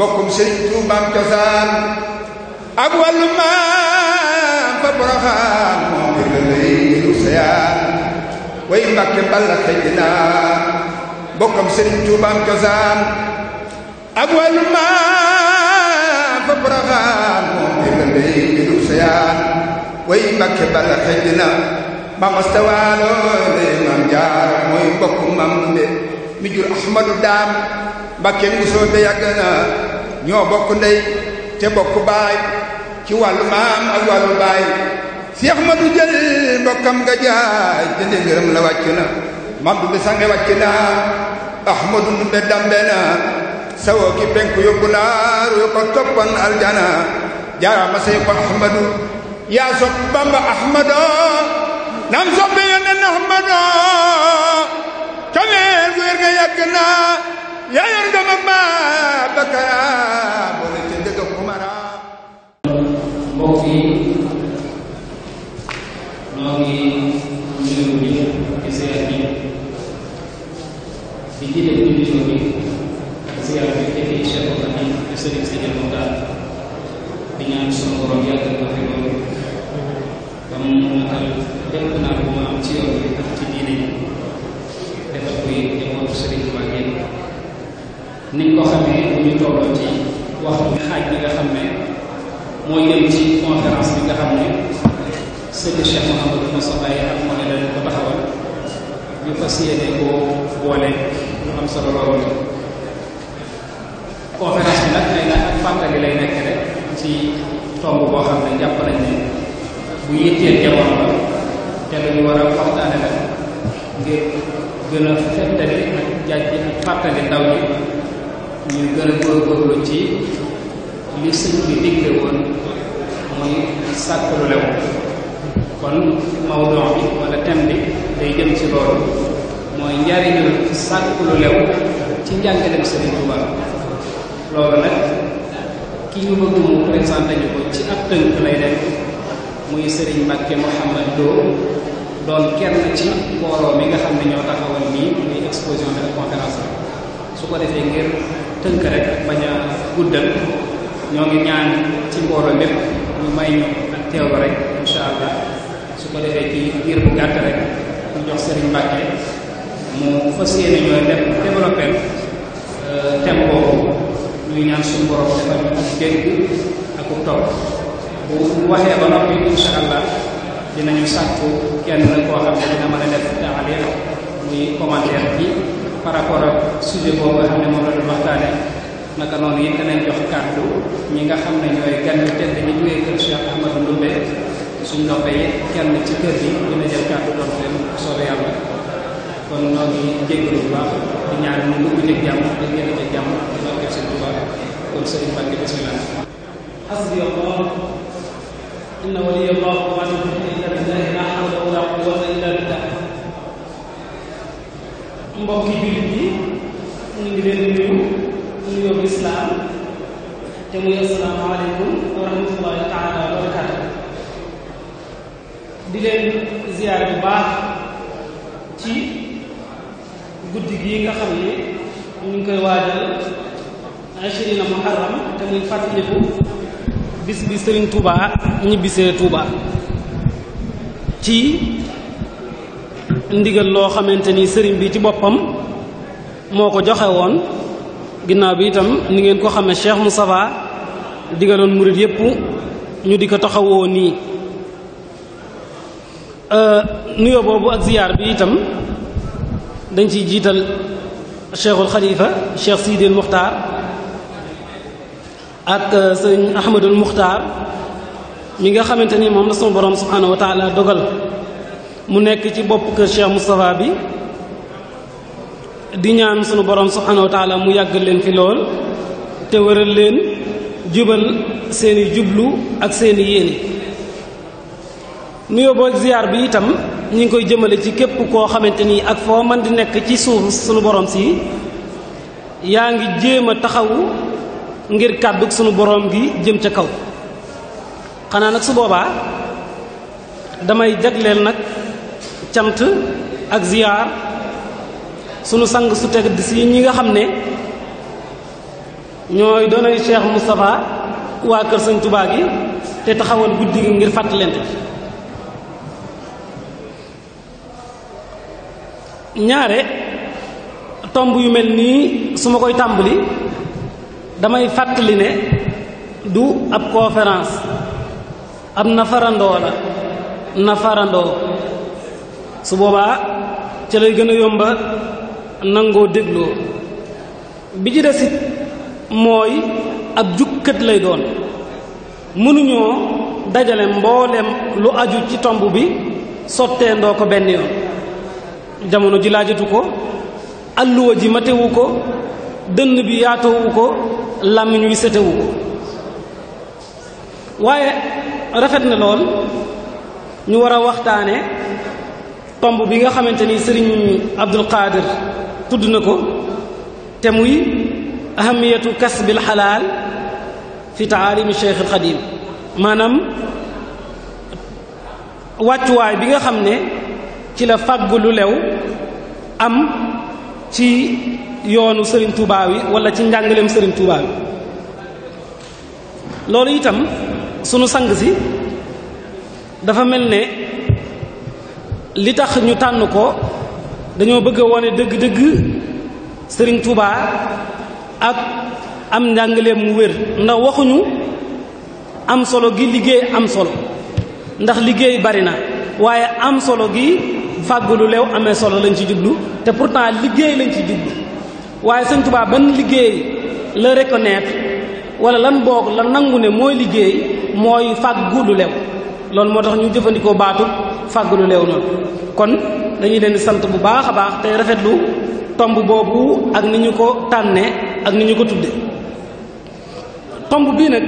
bokkum sëñ Tuubaa cosaan ak wàllu fa boroxaan moom bi la lay niru sayaan way mbàkke balla xëj bokkum sëñ Tuubaa cosaan ak wàllu fa boroxaan moom bi la lay niru sayaan way mbàkke balla xëj naa maam astawaalo de maam jaar mooy mbokku mam de mi jur Ahmadu Daam mbàkkee ngusoo te yàgg na ñoo bokk ndey te bokk baay ci wàllu maam a wàllu baay Seex Madu jël mbokkam nga jaay jënde ngërëm la wàcc na mam du bi sange wàcc na ahmadu ndumbe na sawoo ki penku yóbbu naar yu ko toppan aljana jaaraama say ko ahmadu yaa sopp bamba ahmado nam soppe yoneen ahmado cameen gu nga yàgg na mbokk yi ñoo ngi nuyu ñëpp ci ziyaar bi di jiite ci nuyoo bi ak ziyaar bi jëfee Cheikh Oumar di sëriñ sa jëmm daal di ñaan sunu borom yàggal ko fi loolu ba mu natal lépp naa bu ma am ci yow bi ak ci diine yi defal ko it jëmmal sëriñ ni nga ko xamee bu ñu tolloon ci waxtu xaaj bi nga xam ne moo jëm ci conférence bi nga xam ne sëñ Cheikh Mouhamadou Moussa Baye ak moo ne dañu ko taxawal ñu fas yéene koo boole lu am solo loolu conférence bi nag day nag fàttali lay nekk rek ci tomb boo xam ne jàpp nañ ne bu yitteel jamono la te lu ñu war a waxtaane nag ngir gën a fettali ndaw ñi ñuy gën a góorgóorlu ci li sëñ bi digle woon muy sàkkalu lew kon mawdon bi wala thème bi day jëm ci loolu mooy njariñul sàkkalu lew ci njàngalem Sëriñ Tuuba loolu nag ki ñu bëgg mu présenté ko ci ab tënk lay def muy Sëriñ Mbàkke Mouhamad Lo doon kenn ci mbooloo mi nga xam ne ñoo taxawal nii muy exposition de conférence su ko defee ngir tënk rek bañ a guddal ñoo ngi ñaan ci mbooloo lépp ñu may ñu ak teewlu rek insha allah su ko defee ci diir bu gàtt rek ñu jox Serigne Mbacke mu fas yéene ñooy def développé euh, thème boobu ñuy ñaan suñu borom defal ñu ak ak topp bu waxee ba noppi insha allah dinañu sàkku kenn koo xam ne dina mën a def daal muy commentaire bi par rapport ak sujet boobu nga xam ne moom la doon waxtaane naka noonu it danañ jox kàddu ñi nga xam ne ñooy gan yu tedd ñu jógee kër Cheikh Ahmadou Ndoumbe suñ noppee it kenn ci kër baax di ñaan mu dugg nit jàmm di ngeen jàmm di barke sëñ bu baax kon sëriñ Mbacke bismillah hasbi allah inna waliya allah wa ma tuqi illa billahi la hawla wala quwwata mbokki jullit yi ñu ngi leen di nuyu nuyoo lislaam te muy assalaamu aleykum wa rahmatullahi taala wa di leen ziyaar bu baax ci guddi gii nga xam ni ñu ngi koy waajal ashirina muharram te muy fàttaliku bis bi Sëriñ Tuubaa ñibbisee Tuubaa ci ndigal loo xamante ni sëriñ bi ci boppam moo ko joxe woon ginnaaw bi itam ni ngeen ko xamee Cheikh Moustapha digaloon murit yépp ñu di ko taxawoo nii euh, nuyoo boobu ak ziyaar bi itam dañ ciy jiital Cheikhul Khalifa Cheikh Sidil Muxtaar ak euh, sëriñ Ahmadul Muxtaar mi nga xamante ni moom la sama borom subhaanahu wa dogal mu nekk ci bopp kër Cheikh Moustapha bi di ñaan sunu borom subhanahu wa mu yàgg leen fi lool te wëral leen jubal seeni jublu ak seeni yéene nuyoo boo ziar bi itam ñu ngi koy jëmale ci képp koo xamante ni ak foo man di nekk ci suuf sunu boroom si yaa ngi jéem a taxawu ngir kàddug sunu boroom gi jëm ca kaw xanaa nag su boobaa damay jagleel nag cant ak ziyaar sunu sang su teg si ñi nga xam ne ñooy doonay Cheikh Moustapha waa Kër Sëñ Tubaa gi te taxawal guddi gi ngir fàttalente ñaare tomb yu mel nii su ma koy tàmbali damay fàttali ne du ab conférence ab nafarandoo la nafarandoo su boobaa ci lay gën a yomba nangoo dégloo bi ci desit mooy ab jukkat lay doon mënuñoo dajale mboolem lu aju ci tomb bi sottee ndoo ko benn yoon jamono ji laajatu ko alluwa ji matewu ko dënn bi yaatawu ko làmmiñ wi setewu ko waaye rafet na lool ñu war a waxtaane tomb bi nga xamante ni sëriñ Abdul Qadir tudd na ko te muy ahamiyatu kasbil xalaal fi taalimi Cheikh al maanaam wàccuwaay bi nga xam ne ci la fàggu lu lew am ci yoonu sëriñ Touba yi wala ci njàngaleem sëriñ Touba wi loolu itam sunu sang si dafa mel ne li tax ñu tànn ko dañoo bëgg a wane dëgg-dëgg Sëriñ tubaa ak am njàngaleem mu wér ndax waxuñu am solo gi liggéey am solo ndax liggéey bari na waaye am solo gi fàggu lu leew amee solo lañ ci jublu te pourtant liggéey lañ ci jublu waaye Sëriñ tubaa ban liggéey la reconnaître wala lan boog la nangu ne mooy liggéey mooy fàggu lu leew loolu moo tax ñu jëfandikoo baatub fàggulu leew noonu kon dañuy leen sant bu baax a baax tey rafetlu tomb boobu ak ni ñu ko tànnee ak ni ñu ko tudde tomb bii nag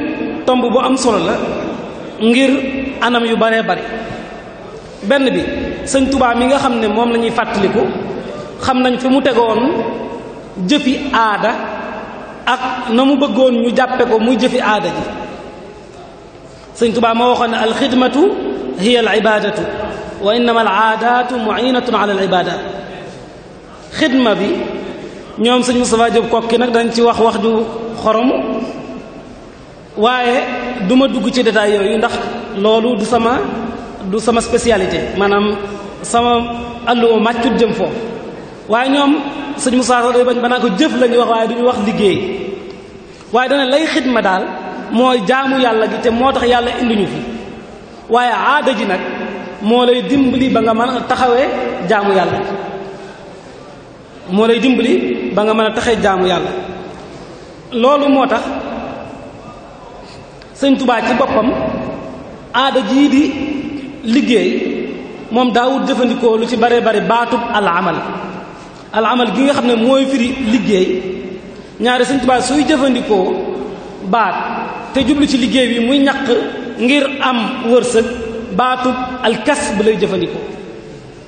tomb bu am solo la ngir anam yu baree bari benn bi sëñ tubaab mi nga xam ne moom la ñuy fàttaliku xam nañ fi mu tegoon jëfi aada ak na mu bëggoon ñu jàppe ko muy jëfi aada ji sëñ Tuubaa moo waxoon ne alxidmatu hiya al ibadatu wa innama al aadatu muinatun ala al ibadat xidma bi ñoom sëñ Moustapha Diop nag dañ ci wax wax ju xorom waaye du ma dugg ci détail yooyu ndax loolu du sama du sama spécialité maanaam sama àlluwa màccut jëm foofu waaye ñoom sëñ Moustapha a bañ banaa ko jëf la ñuy wax waaye du ñu wax liggéey waaye dana lay xidma daal mooy jaamu yàlla gi te moo tax yàlla indi ñu fi waaye aada ji nag moo lay dimbali ba nga mën a taxawee jaamu yàlla moo lay dimbali ba nga mën a taxee jaamu yàlla loolu moo tax sëñ Tuubaa ci boppam aada ji di liggéey moom daawul jëfandikoo lu ci bare bare baatub al amal al amal gi nga xam ne mooy firi liggéey ñaari sëñ Tuubaa suy jëfandikoo baat te jublu ci liggéey bi muy ñaq ngir am wërsëg baatub alkasb lay jëfandikoo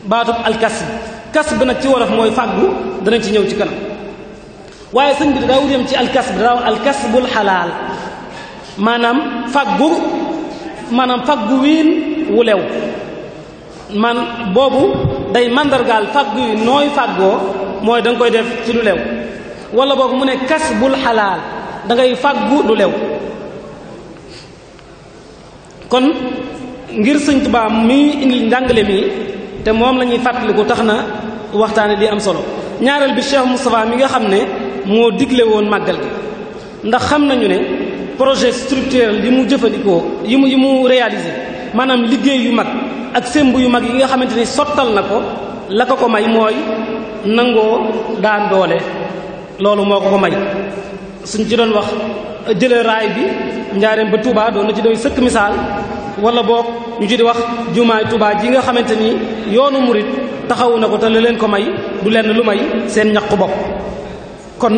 baatub alkasb bi nag ci wolof mooy fàggu dana ci ñëw ci kanam waaye sëñ bi daa wut yam ci alkasb daa alkasbul xalaal maanaam fàggu maanaam fàggu wiin wu lew man boobu day màndargaal fàggu yi nooy fàggoo mooy danga koy def ci lu lew wala boog mu ne kasbul xalaal dangay ngay fàggu lu lew kon ngir sëñ Tuubaa mi indi njàngale mi te moom la ñuy fàttaliku tax na waxtaane di am solo ñaareel bi Cheikh Moustapha mi nga xam ne moo digle woon màggal gi ndax xam nañu ne projet structurel yi mu jëfandikoo yi mu yi mu réalisé maanaam liggéey yu mag ak sémb yu mag yi nga xamante ni sottal na ko la ko ko may mooy nangoo daan doole loolu moo ko ko may suñ ci doon wax jëlee raay bi njaareem ba Touba doon na ci doy sëkk misaal wala boog ñu ci di wax jumaay Touba ji nga xamante ni yoonu murit taxawu na ko te la leen ko may du lenn lu may seen ñaqu bopp kon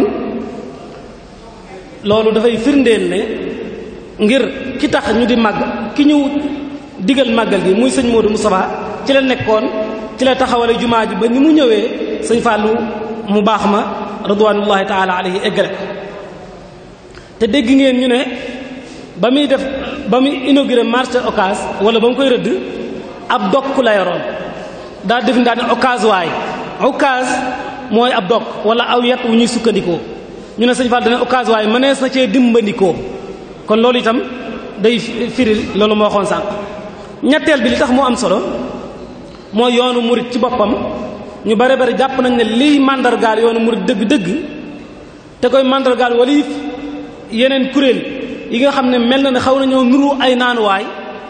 loolu dafay firndeel ne ngir ki tax ñu di màgg ki ñu digal màggal gi muy sëñ Modou Moustapha ci la nekkoon ci la taxawale jumaa ji ba ni mu ñëwee sëñ Fallou mu baax ma radwanullahi taala alayhi eggale te dégg ngeen ñu ne ba muy def ba muy inauguré marché Ocass wala ba mu koy rëdd ab dokk la yoroon daa def daal ne Ocass waay Ocass mooy ab dokk wala aw yat wu ñuy sukkandikoo ñu ne sëñ Fall dana Ocass waay mënees na cee dimbandikoo kon loolu itam day firil loolu moo waxoon sànq ñetteel bi li tax moo am solo mooy yoonu murit ci boppam ñu bare bare jàpp nañ ne liy màndargaal yoonu murit dëgg-dëgg te koy màndargaal wala yeneen kuréel yi nga xam ne mel na ne xaw nañoo nuru ay naanuwaay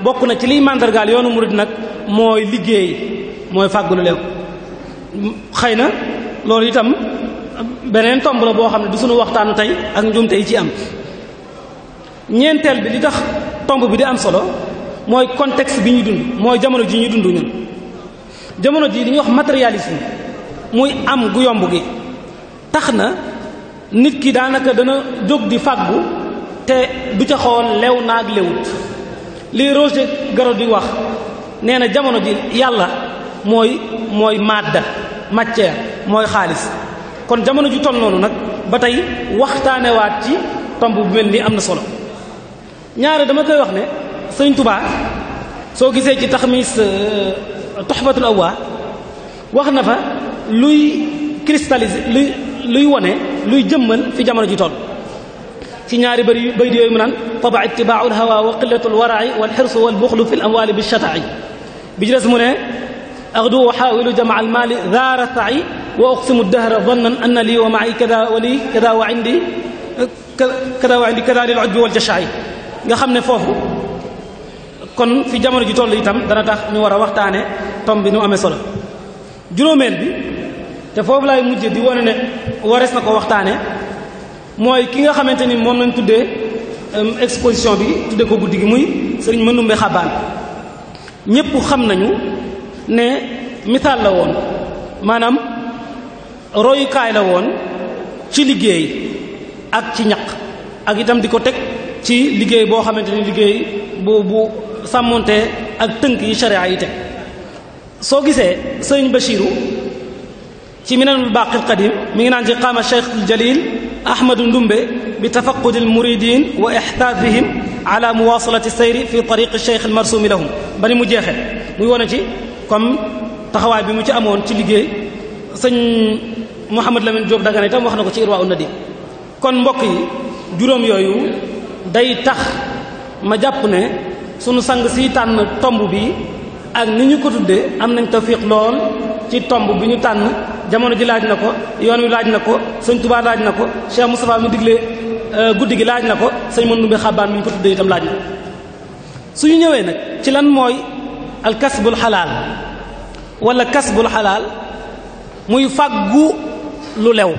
bokk na ci liy màndargaal yoonu murid nag mooy liggéey mooy fàggulu leew xëy na loolu itam beneen tomb la boo xam ne du suñu waxtaanu tey ak njuumte yi ci am ñeenteel bi li tax tomb bi di am solo mooy contexte bi ñuy dund mooy jamono ji ñuy dund ñun jamono ji li ñuy wax matérialisme muy am gu yomb gi tax na nit ki daanaka dana jóg di fàggu te du ca xool lew naag lewut lii Roger Garaudy di wax nee na jamono ji yàlla mooy mooy madda matière mooy xaalis kon jamono ju toll noonu nag ba tey waxtaanewaat ci tomb bu mel nii am na solo ñaare dama koy wax ne sëñ Touba soo gisee ci taxmis euh, toxbatul awwaa wax na fa luy cristalliser luy luy wone luy jëmmal fi jamono ji toll ci ñaari bëri bay yooyu mu naan taba itibaaul hawa wa qillatu lwarai walxirsu walbuxlu wal l amwali bichatai bi ci des mu ne axdu uxaawilu jamaa almaali daara sai wa uqsimu dahra dannan anna lii wa maai kada wa lii kada wa nga xam ne foofu kon fi jamono ji toll itam dana tax ñu war a waxtaane tom bi nu amee solo bi te foofu laay mujje di wane ne warees na ko waxtaane mooy ki nga xamante ni moom lañ tuddee euh, exposition bi tuddee ko guddi gi muy sëriñ Manumbe Xabaan ñépp xam nañu ne misaal la woon maanaam royukaay la woon ci liggéey ak ci ñaq ak itam di ko teg ci liggéey boo xamante ni liggéey bu bu sàmmontee ak tënk yi sharia yi teg soo gisee sëriñ Bachiru ci minanul baaqil qadim mi ngi naan ci qaama cheikh aljalil ahmadu ndumbe bi tafaqudi almuridin wa ixtaafihim ala muwasalati sayri fi tariqi cheikh almarsumi lahum bani mu jeexe muy wone ci comme taxawaay bi mu ci amoon ci liggéey sëñ Mouhamed Lamine Diop Dagana itam wax na ko ci na unnadi kon mbokk yi juróom yooyu day tax ma jàpp ne sunu sang si tànn tomb bi ak ni ñu ko tuddee am nañ tawfiq lool ci tomb bu ñu tànn jamono ji laaj na ko yoon wi laaj na ko sëñ Tuubaa laaj na ko Cheikh Moustapha mi digle euh, guddi gi laaj na ko sëñ Mandumbe Xabaan mi ko tuddee itam laaj na ko suñu ñëwee nag ci lan mooy al kasbul xalaal wala kasbul xalaal muy gu lu lew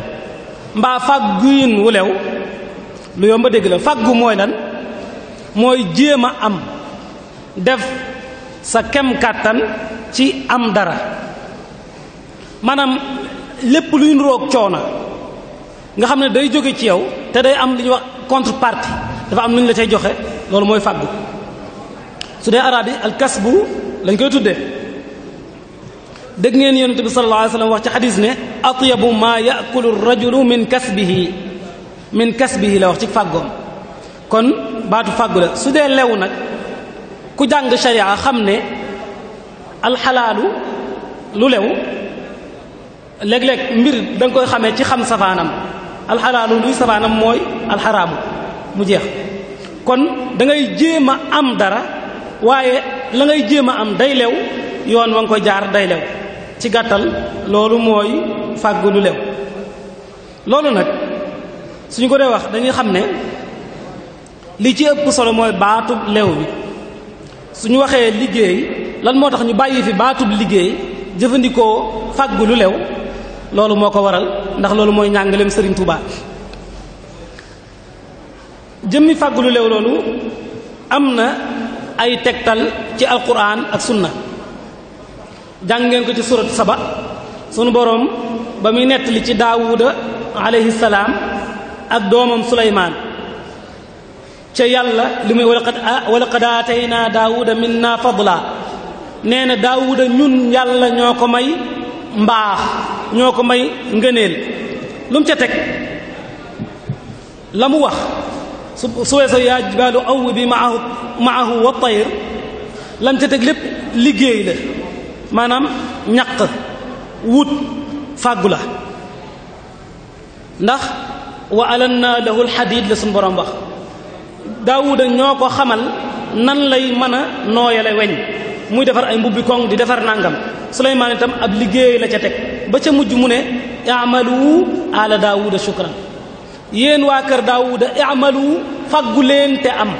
mbaa fàgguyin wu lew lu yomb a dégg la fàggu mooy lan mooy jéem a am def sa kem kattan ci am dara lépp luy nuroog coono nga xam ne day jóge ci yow te day am lu ñuy wax contrepartie dafa am luñ la cay joxe loolu mooy fàggu su dee arab yi alkas bu lañ koy tuddee dégg ngeen yonente bi sallallahu alayhi wasallam wax ci xadis ne atyabu ma yakulu rajulu min kasbihi min kasbihi la wax ci fàggoom kon baatu fàggu la su dee lew nag ku jàng sharia xam ne alxalaalu lu lew léeg-léeg mbir da koy xamee ci xam safaanam alxalaalu luy safaanam mooy alxaraamu mu jeex kon dangay ngay jéem a am dara waaye la ngay jéem a am day lew yoon wa nga koy jaar day lew ci gàttal loolu mooy fàggu lu lew loolu nag suñu ko dee wax dañuy xam ne li ci ëpp solo mooy baatub lew bi suñu waxee liggéey lan moo tax ñu bàyyi fi baatub liggéey jëfandikoo fàggu lu lew loolu moo ko waral ndax loolu mooy njàngaleem Serigne Touba jëmmi fàggulu leew loolu am na ay tegtal ci alquran ak sunna jàng ngeen ko ci surat saba sunu boroom ba muy nettali ci daawuda alayhi salaam ak doomam sulaymaan ca yàlla li muy wala qad aataynaa daawuda minna fadla nee na daawuda ñun yàlla ñoo ko may mbaax ñoo ko may ngëneel lum ca teg la mu wax su su weesoo yaa jibaalu awwibi maahu maahu wa tayr lam ca teg lépp liggéey la maanaam ñaq wut fàggu la ndax wa alanna lahu alxadiid la suñu boroom wax daawuda ñoo ko xamal nan lay mën a nooyale weñ muy defar ay mbubbi koŋ di defar nangam Suleymaan itam ab liggéey la ca teg ba ca mujj mu ne i'malu ala daawuda shukran yéen waa kër daawuda i'malu faggu leen am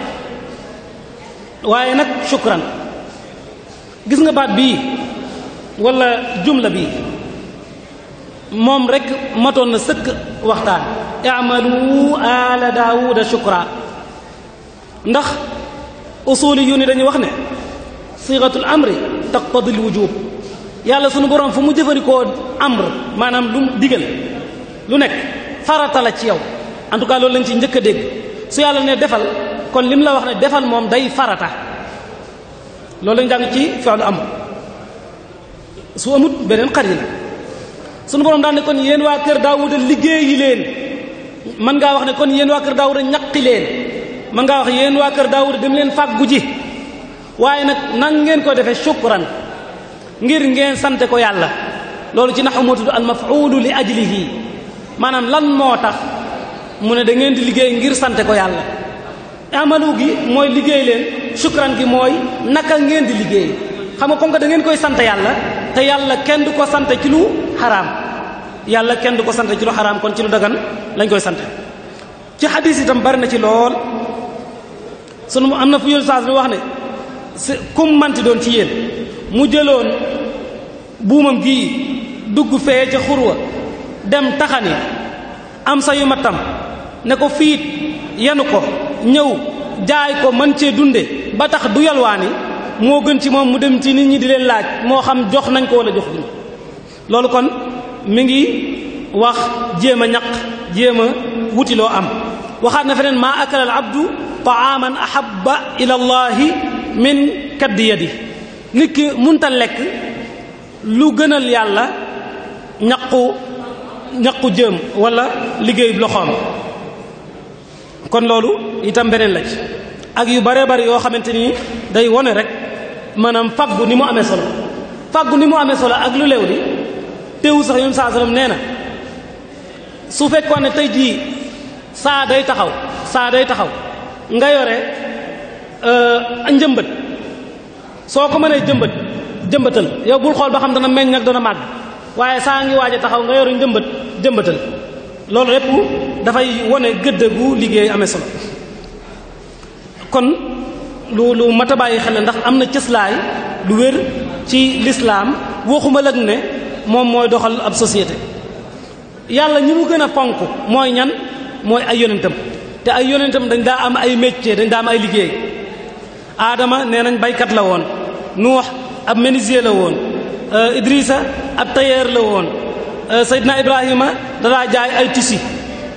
waaye nag shukran gis nga baat bii wala jumla bii moom rek matoon na sëkk waxtaan i'malu ala daawuda shukra ndax usuli yu ni dañuy wax ne siixatul amri taqtadil wujub yàlla sunu boroom fu mu jëfandikoo amr maanaam lu digal lu nekk farata la ci yow en tout cas loolu lañ ci njëkk a dégg su yàlla ne defal kon lim la wax ne defal moom day farata loolu lañ jàng ci fi'lu amr su amut beneen xar yi la sunu borom daan ne kon yéen waa kër Daawuda liggéeyi leen mën ngaa wax ne kon yéen waa kër Daawuda ñaqi leen mën ngaa wax yéen waa kër Daawuda dem leen fàggu ji waaye nag nan ngeen ko defee shukran ngir ngeen sante ko yàlla loolu ci naxu moo tudd al mafuulu li ajlihi maanaam lan moo tax mu ne da ngeen di liggéey ngir sante ko yàlla amalu gi mooy liggéey leen shukran gi mooy naka ngeen di liggéey xam nga comme que da ngeen koy sant yàlla te yàlla kenn du ko sant ci lu xaraam yàlla kenn du ko sant ci lu xaraam kon ci lu dagan lañ koy sant ci xadiis itam bari na ci lool sunu am na fu yónni saa wax ne kum manti doon ci yéen mu jëloon buumam gii dugg fee ca xurwa dem taxani am sa yu ne ko fiit yanu ko ñëw jaay ko man cee dunde ba tax du yalwaani moo gën ci moom mu dem ci nit ñi di leen laaj moo xam jox nañ ko wala jox duñ loolu kon mi ngi wax jéem a ñaq jéem a wuti loo am waxaat na feneen maa akala al taaman ahabba ila min kaddi yadi nit ki munta lekk lu gënal yàlla ñaqu ñaqu jëm wala liggéey loxoom kon loolu itam beneen la ci ak yu bare bari yoo xamante ni day wone rek maanaam faggu ni mu amee solo faggu ni mu amee solo ak lu leew di teewu sax yom saa sallam nee na su fekkoon ne tey jii saa day taxaw saa day taxaw nga yore Euh, njëmbat soo ko mënee jëmbat jëmbatal yow bul xool ba xam dana meññ nag dana màgg waaye saa ngi waaj a taxaw nga yoru njëmbat jëmbatal loolu lépp dafay wone gëdd gu liggéey amee sol kon lu lu mat a bàyyi xel ndax am na cëslaay lu wér ci lislaam waxuma lëg ne moom mooy doxal ab société yàlla ñi mu gën a fonk mooy ñan mooy ay yonentam te ay yonentam dañ daa am ay métier dañ daa am ay liggéey aadama nee nañ baykat la woon nuux ab menuisier la woon euh, idrisa ab tailleur la woon euh, seydina ibrahima dadaa jaay ay tisi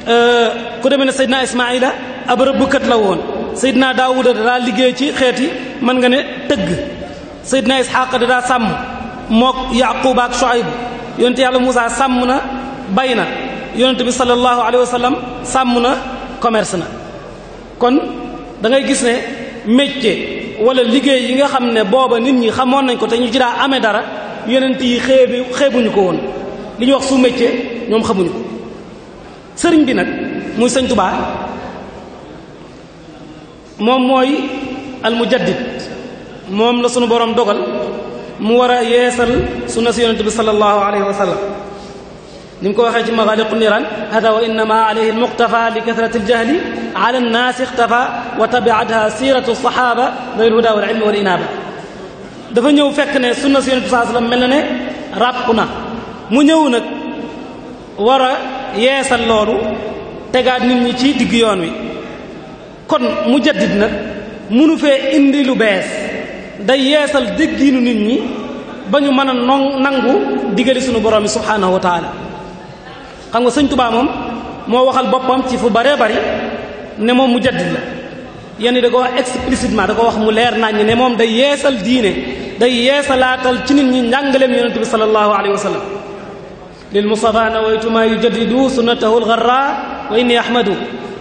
euh, ku demee ne seydina ismaila ab rëbbkat la woon seydina daawuda dadaa liggéey ci xeeti mën nga ne tëgg seydina isxaqa dadaa sàmm mook yaquba ak shuayb yonente yàlla moussa sàmm na bay na yonente bi sallallahu alayhi wa sallam sàmm na commerce na kon da gis ne métier wala liggéey yi nga xam ne booba nit ñi xamoon nañ ko te ñu ci daa amee dara yonent yi xeebi xeebuñu ko woon li ñuy wax su métier ñoom xamuñu ko sëriñ bi nag muy sëñ Tuubaa moom mooy almujaddid moom la suñu borom dogal mu war a yeesal sunna si yonent bi sallallahu alayhi wa ni mu ko waxee ci maxaaliqu niran hada wa innama alayhi almuqtafa li kathrati aljahli ala annaas ixtafa wa tabiatha siratu sahaba dawil huda dafa ñëw fekk ne sunna si yonent bi mel na ne ràpp na mu ñëw nag war a yeesal tegaat nit ñi ci digg yoon wi kon mu jaddid nag munu fee indi bees day yeesal déggiinu nit ñi bañu ñu mën a non nangu digali sunu borom bi subhaanahu wa taala xam nga sëñ moom moo waxal boppam ci fu baree bari ne moom mujaddid la yenn da ko wax da ko wax mu leer nañ ne moom day yeesal diine day yeesalaatal ci nit ñi njàngaleem yonent bi sallallahu alayhi wa sallam lil mustafa nawaytu ma yujaddidu sunnatahu algarra wa inni ahmadu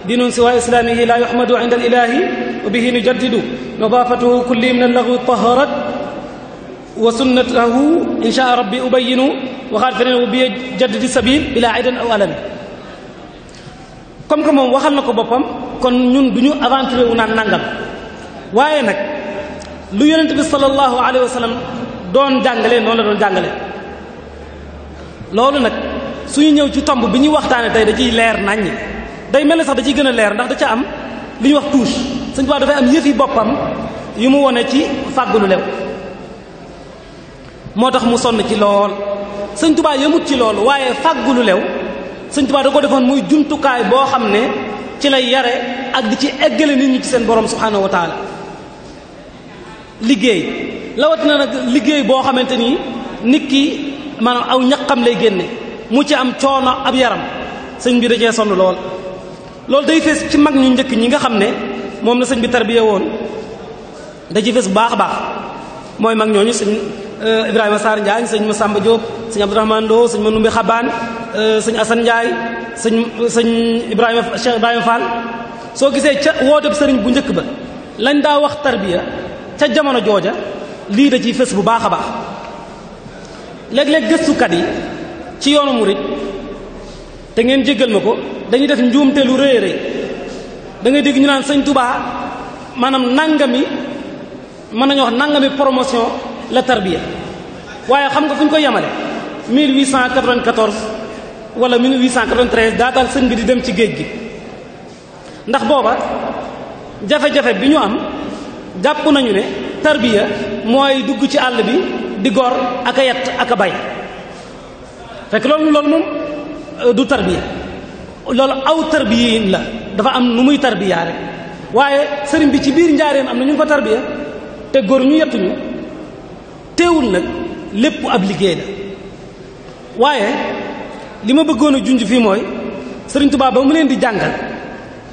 dinun siwa islaamihi la yuhmadu inda alilahi wa bihi nujaddidu nadaafatuhu kulli min allagwi taharat wa sunnatahu insha rabbi ubayinu waxaat feneen ubbiye bi sabil bila aydan aw alami comme que moom waxal na ko boppam kon ñun du ñu aventuré wu naan nangam waaye nag lu yonent bi sallallahu alayhi doon jàngale noonu la doon jàngale loolu nag suñu ñëw ci tomb bi ñuy waxtaane tey da ciy leer naññi day mel ne sax da ciy gën a leer ndax da ca am lu ñuy wax touche suñu baax dafay am yëfi boppam yi mu wone ci fàggulu lew moo tax mu sonn ci lool sëñ tubaa yëmut ci lool waaye fàggu lu lew sëñ tubaa da ko defoon muy jumtukaay boo xam ne ci lay yare ak di ci eggale nit ñi ci seen borom subhaanahu wa taala liggéey lawat na nag liggéey boo xamante ni nit ki maanaam aw ñaqam lay génne mu ci am coono ab yaram sëñ bi da sonn lool loolu day fees ci mag ñu njëkk ñi nga xam ne moom na sëñ bi tarbiya woon da ci fees bu baax a baax mooy mag ñooñu sëñ Euh, Ibrahima Sarr Ndiagne sëñ Massamba Diop sëñ Abdourahmane Lo sëñ Manoumbe Xabaan euh, sëñ Assane Ndiaye sëñ sëñ Ibrahima Cheikh Ibrahima Fall soo gisee ca wooteb sëriñ bu njëkk ba lañ daa wax tarbiya ca jamono jooja lii da ci fës bu baax a baax léeg-léeg gëstukat yi ci yoonu murid te ngeen jéggal ma ko dañuy def njuumte lu rëy a rëy da ngay dégg ñu naan sëñ tubaa maanaam nangami mën nañu wax nangami promotion la tarbiya waaye xam nga fu ñu koy yemale 1894 wala 1893 daatal sëñ bi di dem ci géej gi ndax booba jafe-jafe bi ñu am jàpp nañu ne tarbiya mooy dugg ci àll bi di gor ak a yett ak a bay fekk loolu loolu moom euh, du tarbiya loolu aw tarbiyin la dafa am nu muy tarbiya rek waaye sëriñ bi ci biir njaareem am na ñu ngi fa tarbiya te góor ñu yettuñu teewul nag lépp ab liggéey la waaye li ma bëggoon a junj fii mooy Sëriñ Tuubaa ba mu leen di jàngal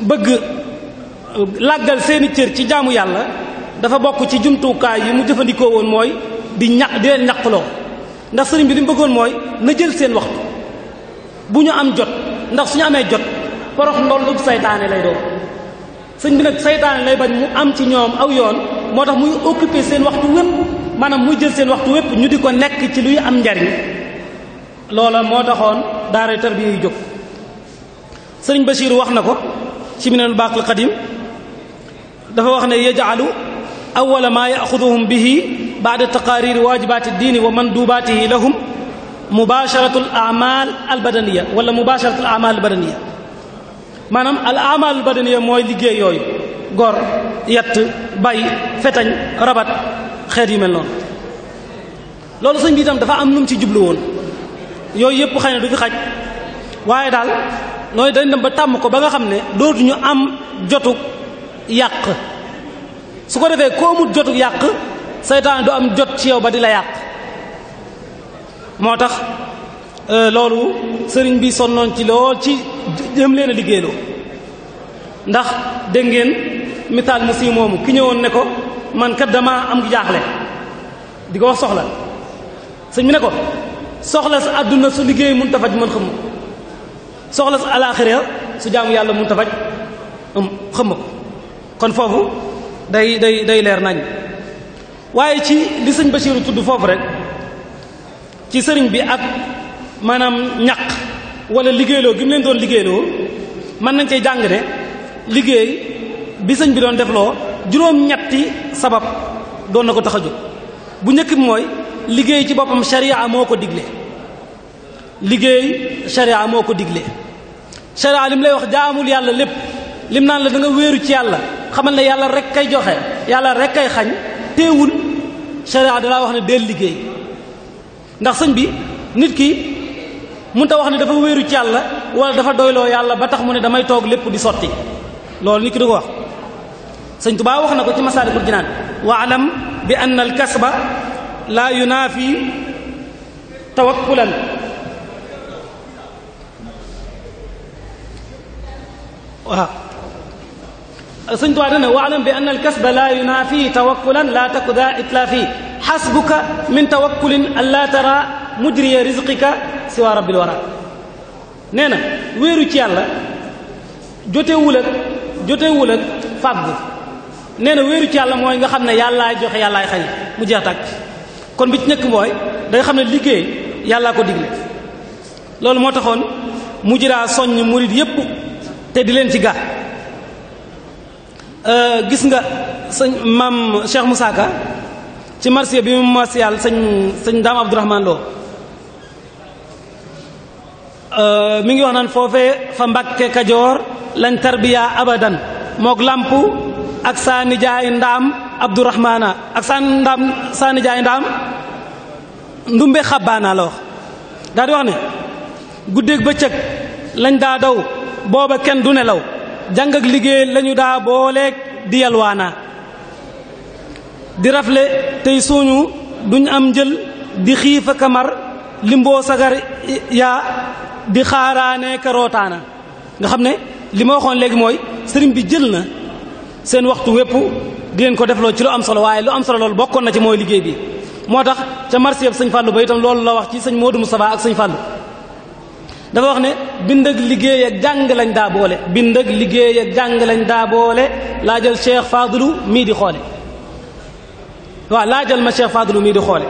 bëgg euh, làggal seeni cër ci jaamu yàlla dafa bokk ci jumtukaay yi mu jëfandikoo woon mooy di ñaq di leen ñaqloo ndax sëriñ bi li mu bëggoon mooy na jël seen waxtu bu ñu am jot ndax su ñu amee jot porox ndollu saytaane lay doon sëñ bi nag saytaane lay bañ mu am ci ñoom aw yoon moo tax muy occuper seen waxtu wépp maanaam muy jël seen waxtu wépp ñu di ko nekk ci luy am njariñ loola moo taxoon daara tarbiya yu jóg sëriñ Bachir wax na ko ci minal baqil qadim dafa wax ne yaj'alu awwala maa ya'xuduhum bihi ba'da taqaariri waajibaati diini wa mandubaatihi lahum mubaasharatu al-a'maal al-badaniya wala mubaasharatu al-a'maal al-badaniya maanaam al-a'maal al-badaniya mooy liggéey yooyu gor yett bay fetañ rabat xeet yu mel noonu loolu sëñ bi itam dafa am lu ci jublu woon yooyu yëpp xëy na du fi xaj waaye daal nooy dañ dem ba tàmm ko ba nga xam ne dootuñu am jotug yàq su ko defee koo amut jotug yàq seytaane du am jot ci yow ba di la yàq moo tax euh, loolu sëriñ bi sonnoon ci lool ci jëm leen a liggéeyloo ndax dégg ngeen misaal mu sii moomu ki ñëwoon ne ko man kat damaa am jaaxle di ko wax soxla sëñ bi ne ko soxla sa àdduna su liggéey mun tafaj man xam soxla su alaaxira su jaamu yàlla mun tafaj xam ko kon foofu day day day leer nañ waaye ci li sëñ Bachirou tudd foofu rek ci sëriñ bi ak maanaam ñaq wala liggéeyloo gim leen doon liggéeyloo mën nañ cey jàng ne liggéey bi sëñ bi doon defloo juróom-ñetti sabab doon na ko tax a jóg bu njëkk bi mooy liggéey ci boppam sharia moo ko digle liggéey sharia moo ko digle sharia lim lay wax jaamul yàlla lépp lim naan la da nga wéeru ci yàlla xamal na yàlla rek kay joxe yàlla rek kay xañ teewul sharia dalaa wax ne deel liggéey ndax sëñ bi nit ki mun ta wax ne dafa wéeru ci yàlla wala dafa doyloo yàlla ba tax mu ne damay toog lépp di sotti loolu nit ki du ko wax sëñ Tuubaa wax na ko ci masaalikul jinaan waalam bi anna al kasba laa yunaafi tawakkulan waaw sëñ Tuubaa dana waalam bi anna al kasba laa yunaafi tawakkulan laa taku daa itlaafi xasbuka min tawakkulin an laa tara mujriya rizqika siwa rabbil wara nee na wéeru ci yàlla jotewul ak jotewul ak fàggu nee na wéeru ci yàlla mooy nga xam ne yàllaay joxe yàllaay xañ mu jeex tàkk kon bi ci njëkk mooy da xam ne liggéey yàllaa ko digle loolu moo taxoon mu jiraa soññ murid yépp te di leen ci ga euh, gis nga sëñ maam Cheikh Moussa ci marsiya bi mu marsiyaal sëñ sëñ Daam Abdourahman Lo euh, mi ngi wax naan foofee fa Mbàkke Kajoor lañ tarbiya abadan mook làmp ak saa nijaay ndaam abdourahmana ak saa ndaam saa nijaay ndaam ndumbe xabbaana la wax daal wax ne guddeeg bëccëg lañ daa daw booba kenn du nelaw jàng ak liggéey lañu daa booleeg di yalwaana di rafle tey suñu duñ am njël di xiifa kamar limboo sagar yaa di xaaraane karootaana nga xam ne lima waxoon léegi mooy sëriñ bi jël na seen waxtu wépp di leen ko defloo ci lu am solo waaye lu am solo loolu bokkoon na ci mooy liggéey bi moo tax ca marché yëpp sëñ Fallou ba itam loolu la wax ci sëñ Modou Moustapha ak sëñ Fallou dafa wax ne bind ak liggéey ak jàng lañ daa boole bind ak liggéey jàng lañ daa boole laa jël Cheikh Fadlu mii di xoole waaw laa jël ma Cheikh Fadlu mii di xoole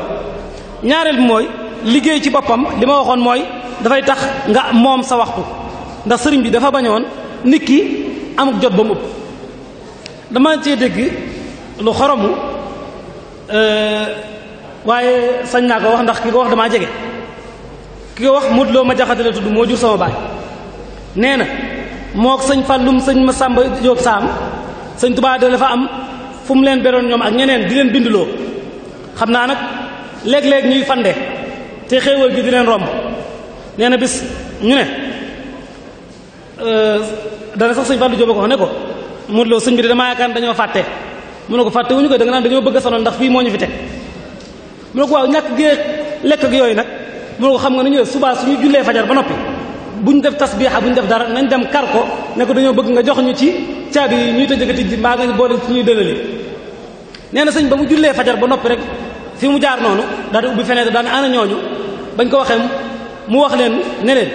ñaareel bi mooy liggéey ci boppam li ma waxoon mooy dafay tax nga moom sa waxtu ndax sëriñ bi dafa bañoon nit ki amuk jot ba ëpp dama cee dégg lu xoromu euh, waaye sañ naa ko wax ndax ki ko wax damaa jege ki ko wax Modou Lo ma jaxate la tudd moo jur sama baay nee na mook sëñ Fallum sëñ Masamba Jóob Saam sëñ Tuubaa da dafa am fu mu leen beroon ñoom ak ñeneen di leen binduloo xam naa nag léeg-léeg ñuy fande te xéewal gi di leen romb nee na bis ñu ne euh, dana sax sëñ Fallou Jóob ko wax ne ko Modou Lo sëñ bi de damaa yaakaar dañoo fàtte mu ne ko fàtte wu ñu ko da nga naan dañoo bëgg a sonal ndax fii moo ñu fi teg mu ne ko waaw ñàkk gee lekk ak yooyu nag mu ne ko xam nga nañu subaa suñu jullee fajar ba noppi ñu def tasbiixa buñ def dara nañ dem kar ko ne ko dañoo bëgg nga jox ñu ci caabi yi ñuy tëj ak tijji mbaa nga boole ci ñuy dëlali nee na sëñ ba mu jullee fajar ba noppi rek fi mu jaar noonu daal di ubbi fenêtre daal ne ana ñooñu bañ ko waxee mu wax leen ne leen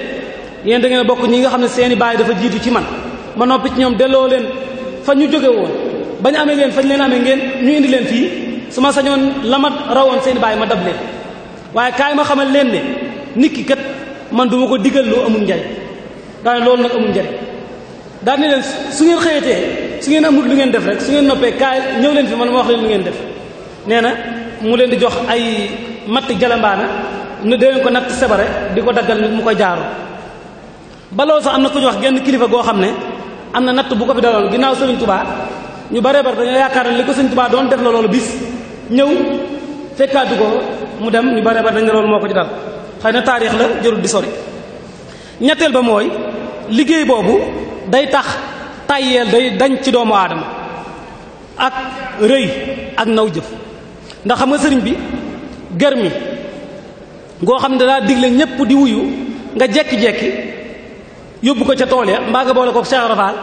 yéen da ngeen bokk ñi nga xam ne seeni baay dafa jiitu ci man ma noppi ñoom delloo leen fa ñu jóge woon bañu amee leen fañ leen amee ngeen ñu indi leen fii su ma sañoon la ma rawoon seen baay ma dab leen waaye kaay ma xamal leen ne nit ki kat man du ma ko digal loo amul njariñ daane loolu nag amul njariñ daan ne leen su ngeen xëyatee su ngeen amul lu ngeen def rek su ngeen noppee kaay ñëw leen fi man ma wax leen lu ngeen def nee na mu leen di jox ay matt jalambaana ne déwén ko natt sebare di ko daggal mu ko jaaroo baloo sax am na ku ñu wax genn kilifa goo xam ne am na natt bu ko fi daloon ginnaaw Sëriñ Tubaa ñu bare bare dañoo yaakaar ne li ko Sëriñ Tubaa doon def la loolu bis ñëw fekkaatu ko mu dem ñu bare bare dañ ne loolu moo ko ci dal xëy na la jërul di sori ñetteel ba mooy liggéey boobu day tax tayyeel day dañ ci doomu aadama ak rëy naw jëf ndax xam nga sëriñ bi ger mi ngoo xam ne daa digle ñépp di wuyu nga jekki-jekki yóbbu ko ca tool ya mbaa nga boole ko Cheikh Rafaal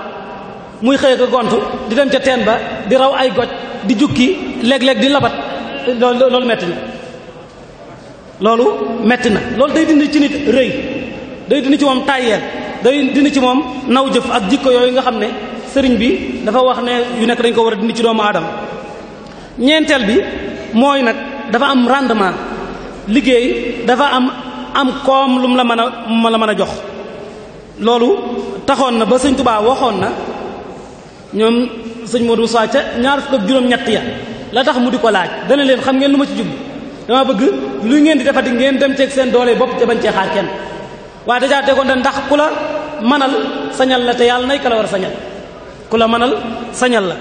muy xëy ko gontu di dem ca teen ba di raw ay goj di jukki léeg-léeg di labat loolu loolu metti na loolu metti na loolu day dindi ci nit rëy day dindi ci moom tàyyeel day dindi ci moom naw jëf ak jikko yooyu nga xam ne sëriñ bi dafa wax ne yu nekk dañ ko war a dindi ci doomu aadama ñeenteel bi mooy nag dafa am rendement liggéey dafa am am koom lu mu la mën a mu la mën a jox loolu taxoon na ba sëñ Tuubaa waxoon na ñoom sëñ Modou Moussa ca ñaar fukk ak juróom-ñett ya la tax mu di ko laaj dana leen xam ngeen lu ma ci jublu dama bëgg lu ngeen di defati ngeen dem ceeg seen doole bopp ca bañ cee xaar kenn waaye dèjà tegoon na ndax ku la manal sañal la te yàlla nay ka la war a sañal ku la manal sañal la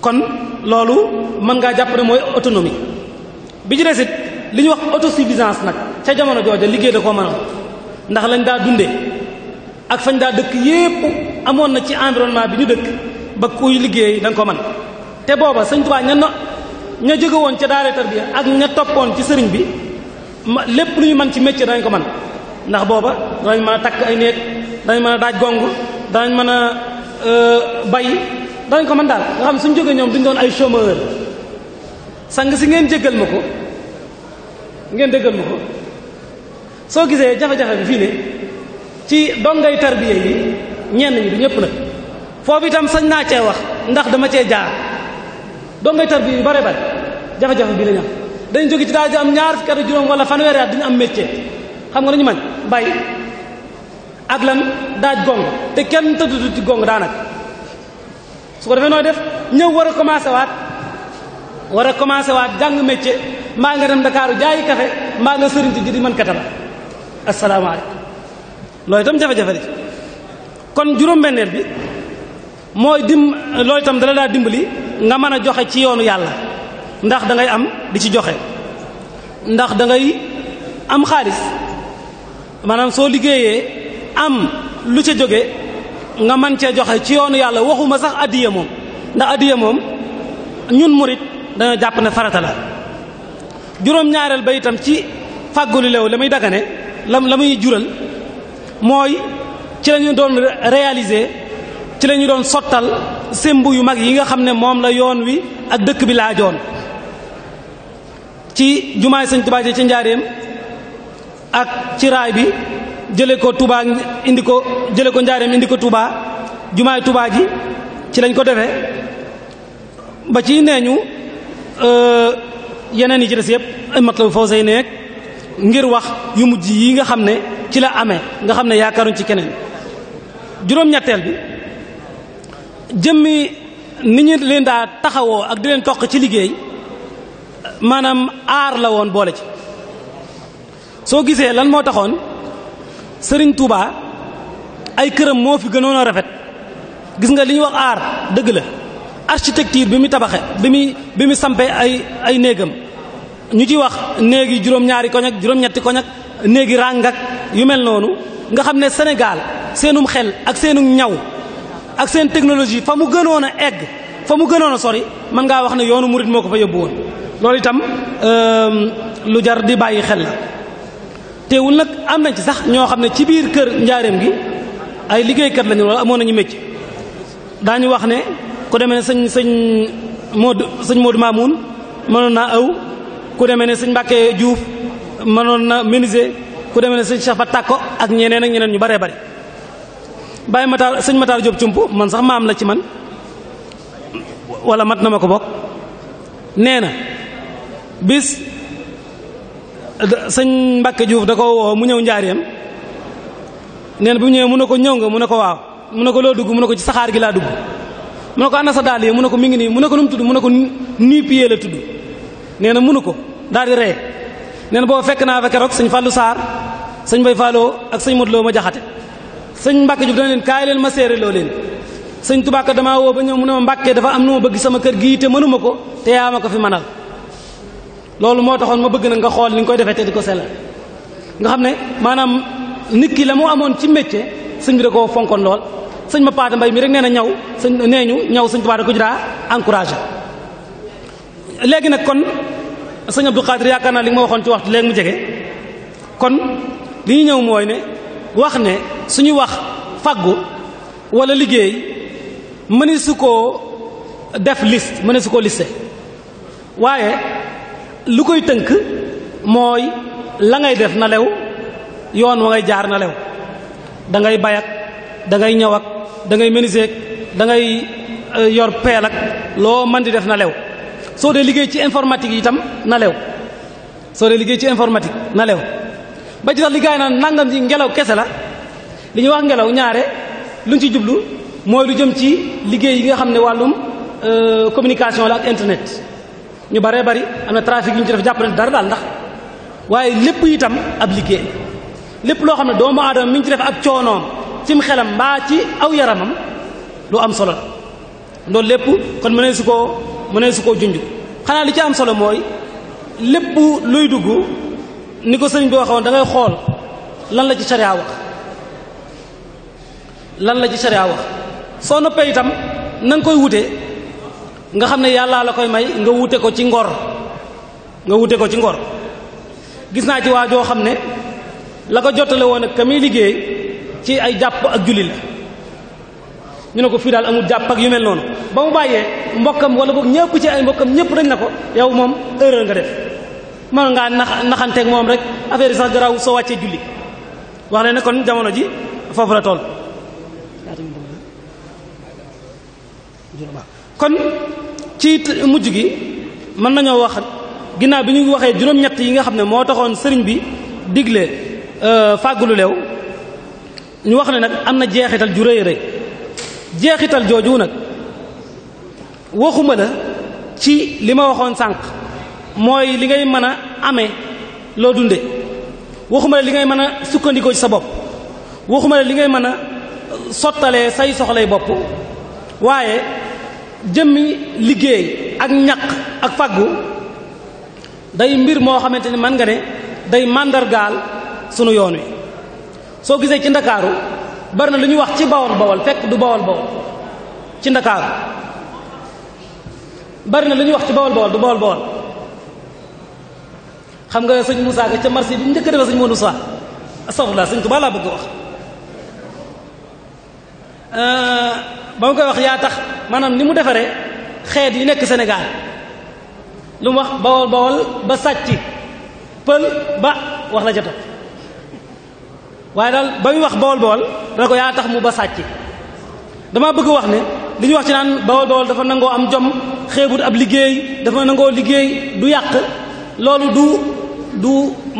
kon loolu mën ngaa jàpp ne mooy autonomie bi ci des it li ñu wax autosuffisance nag ca jamono jooja liggéey da koo mënoon ndax lañ daa dundee ak fañ daa dëkk yépp amoon na ci environnement bi ñu dëkk ba kuy liggéey dañ nga ko man te booba sëñ Tuubaa ña no ña jóge woon ca daara tarbiya ak ña toppoon ci sëriñ bi ma lépp lu ñu man ci métier dañ ko man ndax booba danañ mën a takk ay néeg danañ mën a daaj gongu danañ mën a euh, bay danañ ko mën daal nga xam ne suñ jógee ñoom duñ doon ay chômeur sang si ngeen jéggal ma ko ngeen déggal ma ko soo gisee jafe-jafe bi fii ne ci dongay tarbiya yi ñenn ñi du ñëpp nag foofu itam sañ naa cee wax ndax dama cee jaar dongay tarbiya yu bare bare jafe-jafe bii la ñu dañ jóge ci daal di am ñaar fukki at juróom wala fanweeri at dañu am métier xam nga nañu man bay ak lan daaj gong te kenn tëddut ci gong daanaka su ko defee nooy def ñëw war a commencé waat war a commencé waat jàng métier maa nga dem Ndakaaru jaay kafe maa nga sëriñ ci ji di mën kata la asalaamaaleykum loolu itam jafe-jafe la kon juróom-benneel bi mooy dim loolu itam dala daa dimbali nga mën a joxe ci yoonu yàlla ndax dangay am di ci joxe ndax dangay am xaalis maanaam soo liggéeyee am lu ca jóge nga mën cee joxe ci yoonu yàlla waxuma sax addiya moom ndax addiya moom ñun murit dañoo jàpp ne farata la juróom-ñaareel ba itam ci fàggulu la muy dagane la la muy jural mooy ci la doon réaliser ci lañuy doon sottal sembu yu mag yi nga xam ne moom la yoon wi ak dëkk bi laa joon ci jumaay sëñ Tuubaa ci njaareem ak ci raay bi jële ko Touba indi ko jële ko njaareem indi ko Touba jumaay Touba ji ci lañ ko defee ba ci nee ñu euh, yeneen yi ci des yëpp ay Matlabul Fawzayni nekk ngir wax yu mujj yi nga xam ne ci la amee nga xam ne yaakaaruñ ci keneen juróom-ñetteel bi jëmmi ni ñu leen daa taxawoo ak di leen toq ci liggéey maanaam aar la woon boole ci soo gisee lan moo taxoon sëriñ Touba ay këram moo fi gënoon a rafet gis nga li ñuy wax aar dëgg la architecture bi muy tabaxe bi muy bi mu sampee ay ay néegam ñu ci wax néegi juróom-ñaari koñ ak juróom-ñetti koñ néegi ràng ak yu mel noonu nga xam ne Sénégal seenum xel ak seenum ñaw ak seen technologie fa mu gënoon a egg fa mu gënoon a sori mën ngaa wax ne yoonu murit moo ko fa yóbbu woon loolu itam euh, lu jar di bàyyi xel la teewul nag am nañ ci sax ñoo xam ne ci biir kër njaareem gi ay liggéeykat lañu wala amoon nañu métier daañu wax ne ku demee ne sëñ sëñ Modou sëñ Modou Mamoun mënoon naa aw ku demee ne sëñ Mbacke Diouf mënoon na menuisier ku demee ne sëñ Cheikh Fatou Tàkko ak ñeneen ak ñeneen ñu baree bari bàyyi mataar sëñ mataar Diop cump man sax maam la ci man wala mat na ma ko bokk nee na bis sëñ Mbàkke Diouf da ko woo mu ñëw njaareem nee na bi mu ñëwee mu ne ko ñëw nga mu ne ko waaw mu ne ko loo dugg mu ne ko ci saxaar gi laa dugg mu ne ko ana sa daal yi mu ne ko mi ngi nii mu ne ko nu tudd mu ne ko nu pied tudd nee na munu ko daal di ree nee na booba fekk naa fa keroog sëñ Fallou Sarr sëñ Bay Fallou ak sëñ Modou loo ma jaxate sëñ Mbacke Diouf dana leen kaay leen ma séeré loo leen sëñ Tuubaa ka damaa woo ba ñëw mu ne ma dafa am nu ma sama kër gii te mënuma ko te yaa ma ko fi manal loolu moo taxoon ma bëgg na nga xool ni nga koy defee te di ko sellal nga xam ne maanaam nit ki la mu amoon ci métier sëñ bi da koo fonkoon lool sëñ ma paata mbay mi rek nee na ñaw sëñ nee ñu ñaw sëñ Tuubaa ko juraa encouragé léegi nag kon sëñ Abdou Khadir yaakaar naa li nga ma waxoon ci wax léegi mu jege kon li ñu ñëw mooy ne wax ne suñu wax faggu wala liggéey mëni su koo def liste mëni su koo liste waaye lu koy tënk mooy la ngay def na lew yoon wa ngay jaar na lew da ngay bayak da ngay ñëw ak da ngay da ngay eh, yor peel loo mën di def na lew soo dee liggéey ci informatique itam na lew soo dee liggéey ci informatique na lew ba ci sax li gaay naan nangam ji ngelaw kese la li ñuy wax ngelaw ñaare luñ ci jublu mooy lu jëm ci liggéey yi nga xam ne wàllum euh, communication la ak internet ñu baree bari am na trafic yu ñu ci def jàppale dara daal ndax waaye lépp yi tam ab liggéey lépp loo xam ne doomu aadama mi ngi ci def ak coonoom cim xelam mbaa ci aw yaramam lu am solo loolu lépp kon mënees mu ne su ko junj xanaa li ci am solo mooy lépp luy dugg ni ko sëriñ bi waxoon dangay ngay xool lan la ci sharia wax lan la ci sharia wax soo noppee itam na koy wute nga xam ne yàllaa la koy may nga wute ko ci ngor nga wute ko ci ngor gis naa ci waa joo xam ne la ko jottale woon ak ka muy liggéey ci ay jàpp ak julli la ñu ne ko fii daal amul jàpp ak yu mel noonu ba mu bàyyee mbokkam wala boog ñëpp ci ay mbokkam ñëpp dañ na ko yow moom erreur nga def mën ngaa nax moom rek affaire yi sax garaaw soo wàccee julli wax ne kon jamono ji foofu la kon ci mujj gi mën nañoo wax ginnaaw bi ñu waxee juróom-ñett yi nga xam ne moo taxoon sëriñ bi digle euh, fàggulu leew ñu wax ne nag am na jeexital ju rek jeexital jooju nag waxuma la ci li ma waxoon sànq mooy li ngay mën a ame loo dunde waxuma la li ngay mën a sukkandikoo ci sa bopp waxuma la li ngay mën a sottalee say soxlay bopp waaye jëmmi liggéey ak ñaq ak faggu day mbir moo xamante ni mën nga ne day màndargaal sunu yoon wi soo gisee ci ndakaaru bari na lu ñuy wax ci bawol bawol fekk du bawol bawol ci na lu wax ci bawol bawol du bawol xam nga sëñ Moussa ga ca marché bi njëkk a defee sëñ Modou Moussa astafurlah sëñ Tuubaa laa bëgg wax ba mu koy wax yaa tax maanaam ni mu defaree xeet yi nekk Sénégal lu mu wax bawol bawol ba sàcc pël ba wax la ca topp waaye daal ba muy wax bawol bawol dana ko yaa tax mu ba sàcc dama bëgg wax ne li ñu wax ci naan bawol bawol dafa nangoo am jom xeebut ab liggéey dafa nangoo liggéey du yàq loolu du du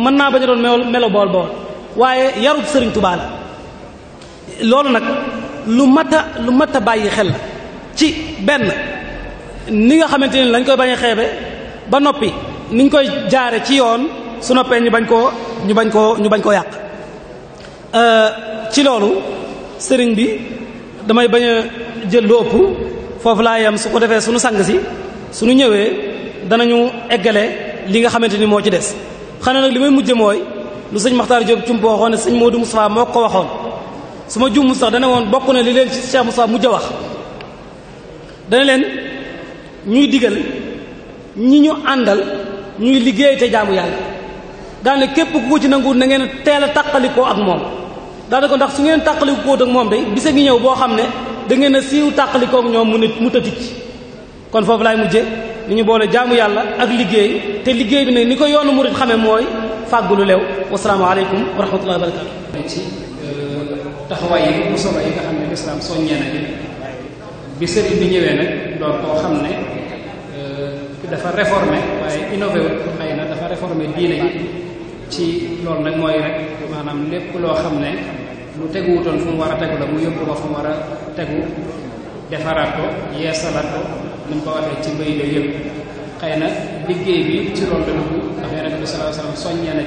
mën naa bañ a doon melo bawol bawol waaye yarub sëriñ Tuubaa loolu nag lu mat lu mat a bàyyi xel la ci benn ni nga xamante ni lañ koy bañ a xeebe ba noppi niñ koy jaare ci yoon su noppee bañ koo ñu bañ koo ñu bañ koo yàq euh, ci loolu sëriñ bi damay bañ a jël lu ëpp foofu laa yam su ko defee suñu sang si suñu ñëwee danañu eggale li nga xamante ni moo ci des xanaa nag li may mujje mooy lu sëñ Maxtaar Diop Cumpo waxoon ne sëñ Modou Moustapha moo ko waxoon su ma juum sax dana woon bokk ne li leen ci Cheikh Moustapha mujj a wax dana leen ñuy digal ñi ñu àndal ñuy liggéey te jaamu yàlla daane képp ku ci nangu na ngeen teel a tàqalikoo ak moom daana ko ndax su ngeen tàqaliku kóot ak moom day bisa ngi ñëw boo xam ne da ngeen a siiw tàqalikook ñoom mu nit mu tëtic kon foofu laay mujje ni ñu boole jaamu yàlla ak liggéey te liggéey bi nag ni ko yoonu murit xamee mooy fàggulu leew wasalaamaaleykum wa rahmatullahi wa barakatu ci euh, taxawaay yi bu solo yi nag doon koo xam ne euh, waaye innové wut xëy na dafa réformé diine yi ci loolu nag mooy rek maanaam lépp loo xam ne lu teguwutoon fu mu war a tegu la mu yóbbu ko fu mu war a tegu defaraat ko yeesalaat ko ni mu waxee ci mbay la yëpp xëy na liggéey bi ci loolu la dugg bi sallallahu alayhi wasallam soññee na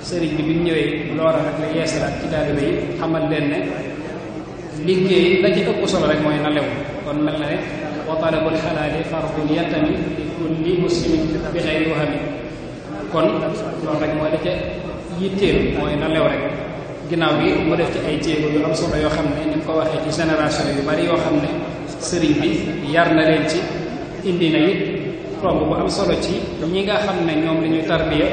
ci la yeesalaat ci taalibe yi xamal leen ne liggéey la ci ëpp solo rek mooy na lew kon mel na ne wa talabul xalaali fardun yattami li kulli muslimin bi xeyri wahami kon loolu rek mooy da ca yitteel mooy na lew rek ginnaaw bi mu def ci ay jéego yu am solo yoo xam ne ni mu ko waxee ci génération yu bari yoo xam ne sëriñ bi yar na leen ci indi na it tomb bu am solo ci ñi nga xam ne ñoom la ñuy tarbiya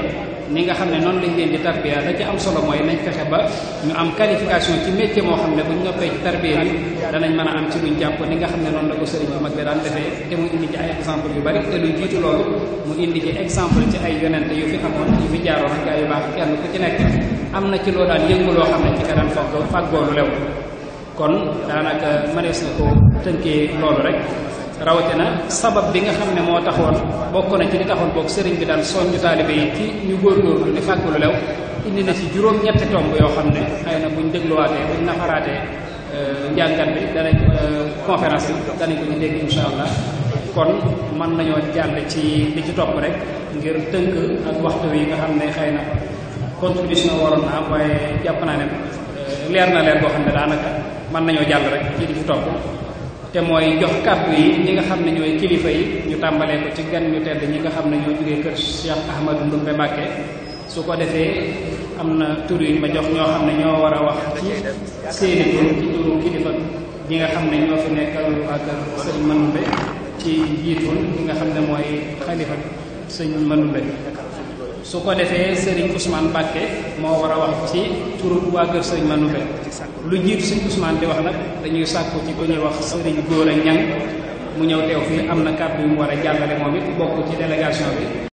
ni nga xam ne noonu lañ leen di tarbiya la am solo mooy nañ fexe ba ñu am qualification ci métier moo xam ne buñ noppee ci tarbiya bi danañ mën a am ci luñ jàpp ni nga xam ne noonu la ko sëriñ bu mag bi daan defee te mu indi ci ay exemple yu bari te lu jiitu loolu mu indi ci exemple ci ay yonent yu fi amoon yu fi jaaroon ak gaa baax kenn ku ci nekk am na ci loo daal yëngu loo xam ne ci ka daan fàggoo lu lew kon daanaka mënees na ko tënkee rek rawatina sabab bi nga xam ne moo taxoon bokk na ci li taxoon boog sëriñ bi daal soññu taalibe yi ci ñu góorgóorlu di fàggu lu lew indi na ci juróom-ñetti tomb yoo xam ne xëy na buñ dégluwaatee buñ nafaraatee euh, njàngat bi danañ euh, conférence bi danañ ko kon mën nañoo jàll ci li ci topp rek ngir tënk ak waxtu wi nga xam ne xëy na contribution waroon na am jàpp naa ne euh, leer na leer boo xam ne daanaka mën nañoo jàll rek ci li ci topp te mooy jox kàddu yi ñi nga xam ne ñooy kilifa yi ñu tàmbalee ko ci gan ñu tedd ñi nga xam ne ñoo jógee kër Cheikh Ahmadou Ndoumbe Mbàkke su ko defee am na tur ma jox ñoo xam ne ñoo war a wax ci seeni tur ci turu kilifa ñi nga xam ne ñoo fi nekkal ak sëñ Manumbe ci jiitul ñi nga xam ne mooy xalifa sëñ Manumbe su ko defee sëriñ Ousmane Mbacke moo war a wax ci turu waa kër sëriñ Manoumbe lu jiitu sëriñ Ousmane di wax nag dañuy sàkku ci ko ñuy wax sëriñ a Niang mu ñëw teew fii am na kàddu yu mu war a jàllale moom it bokk ci délégation bi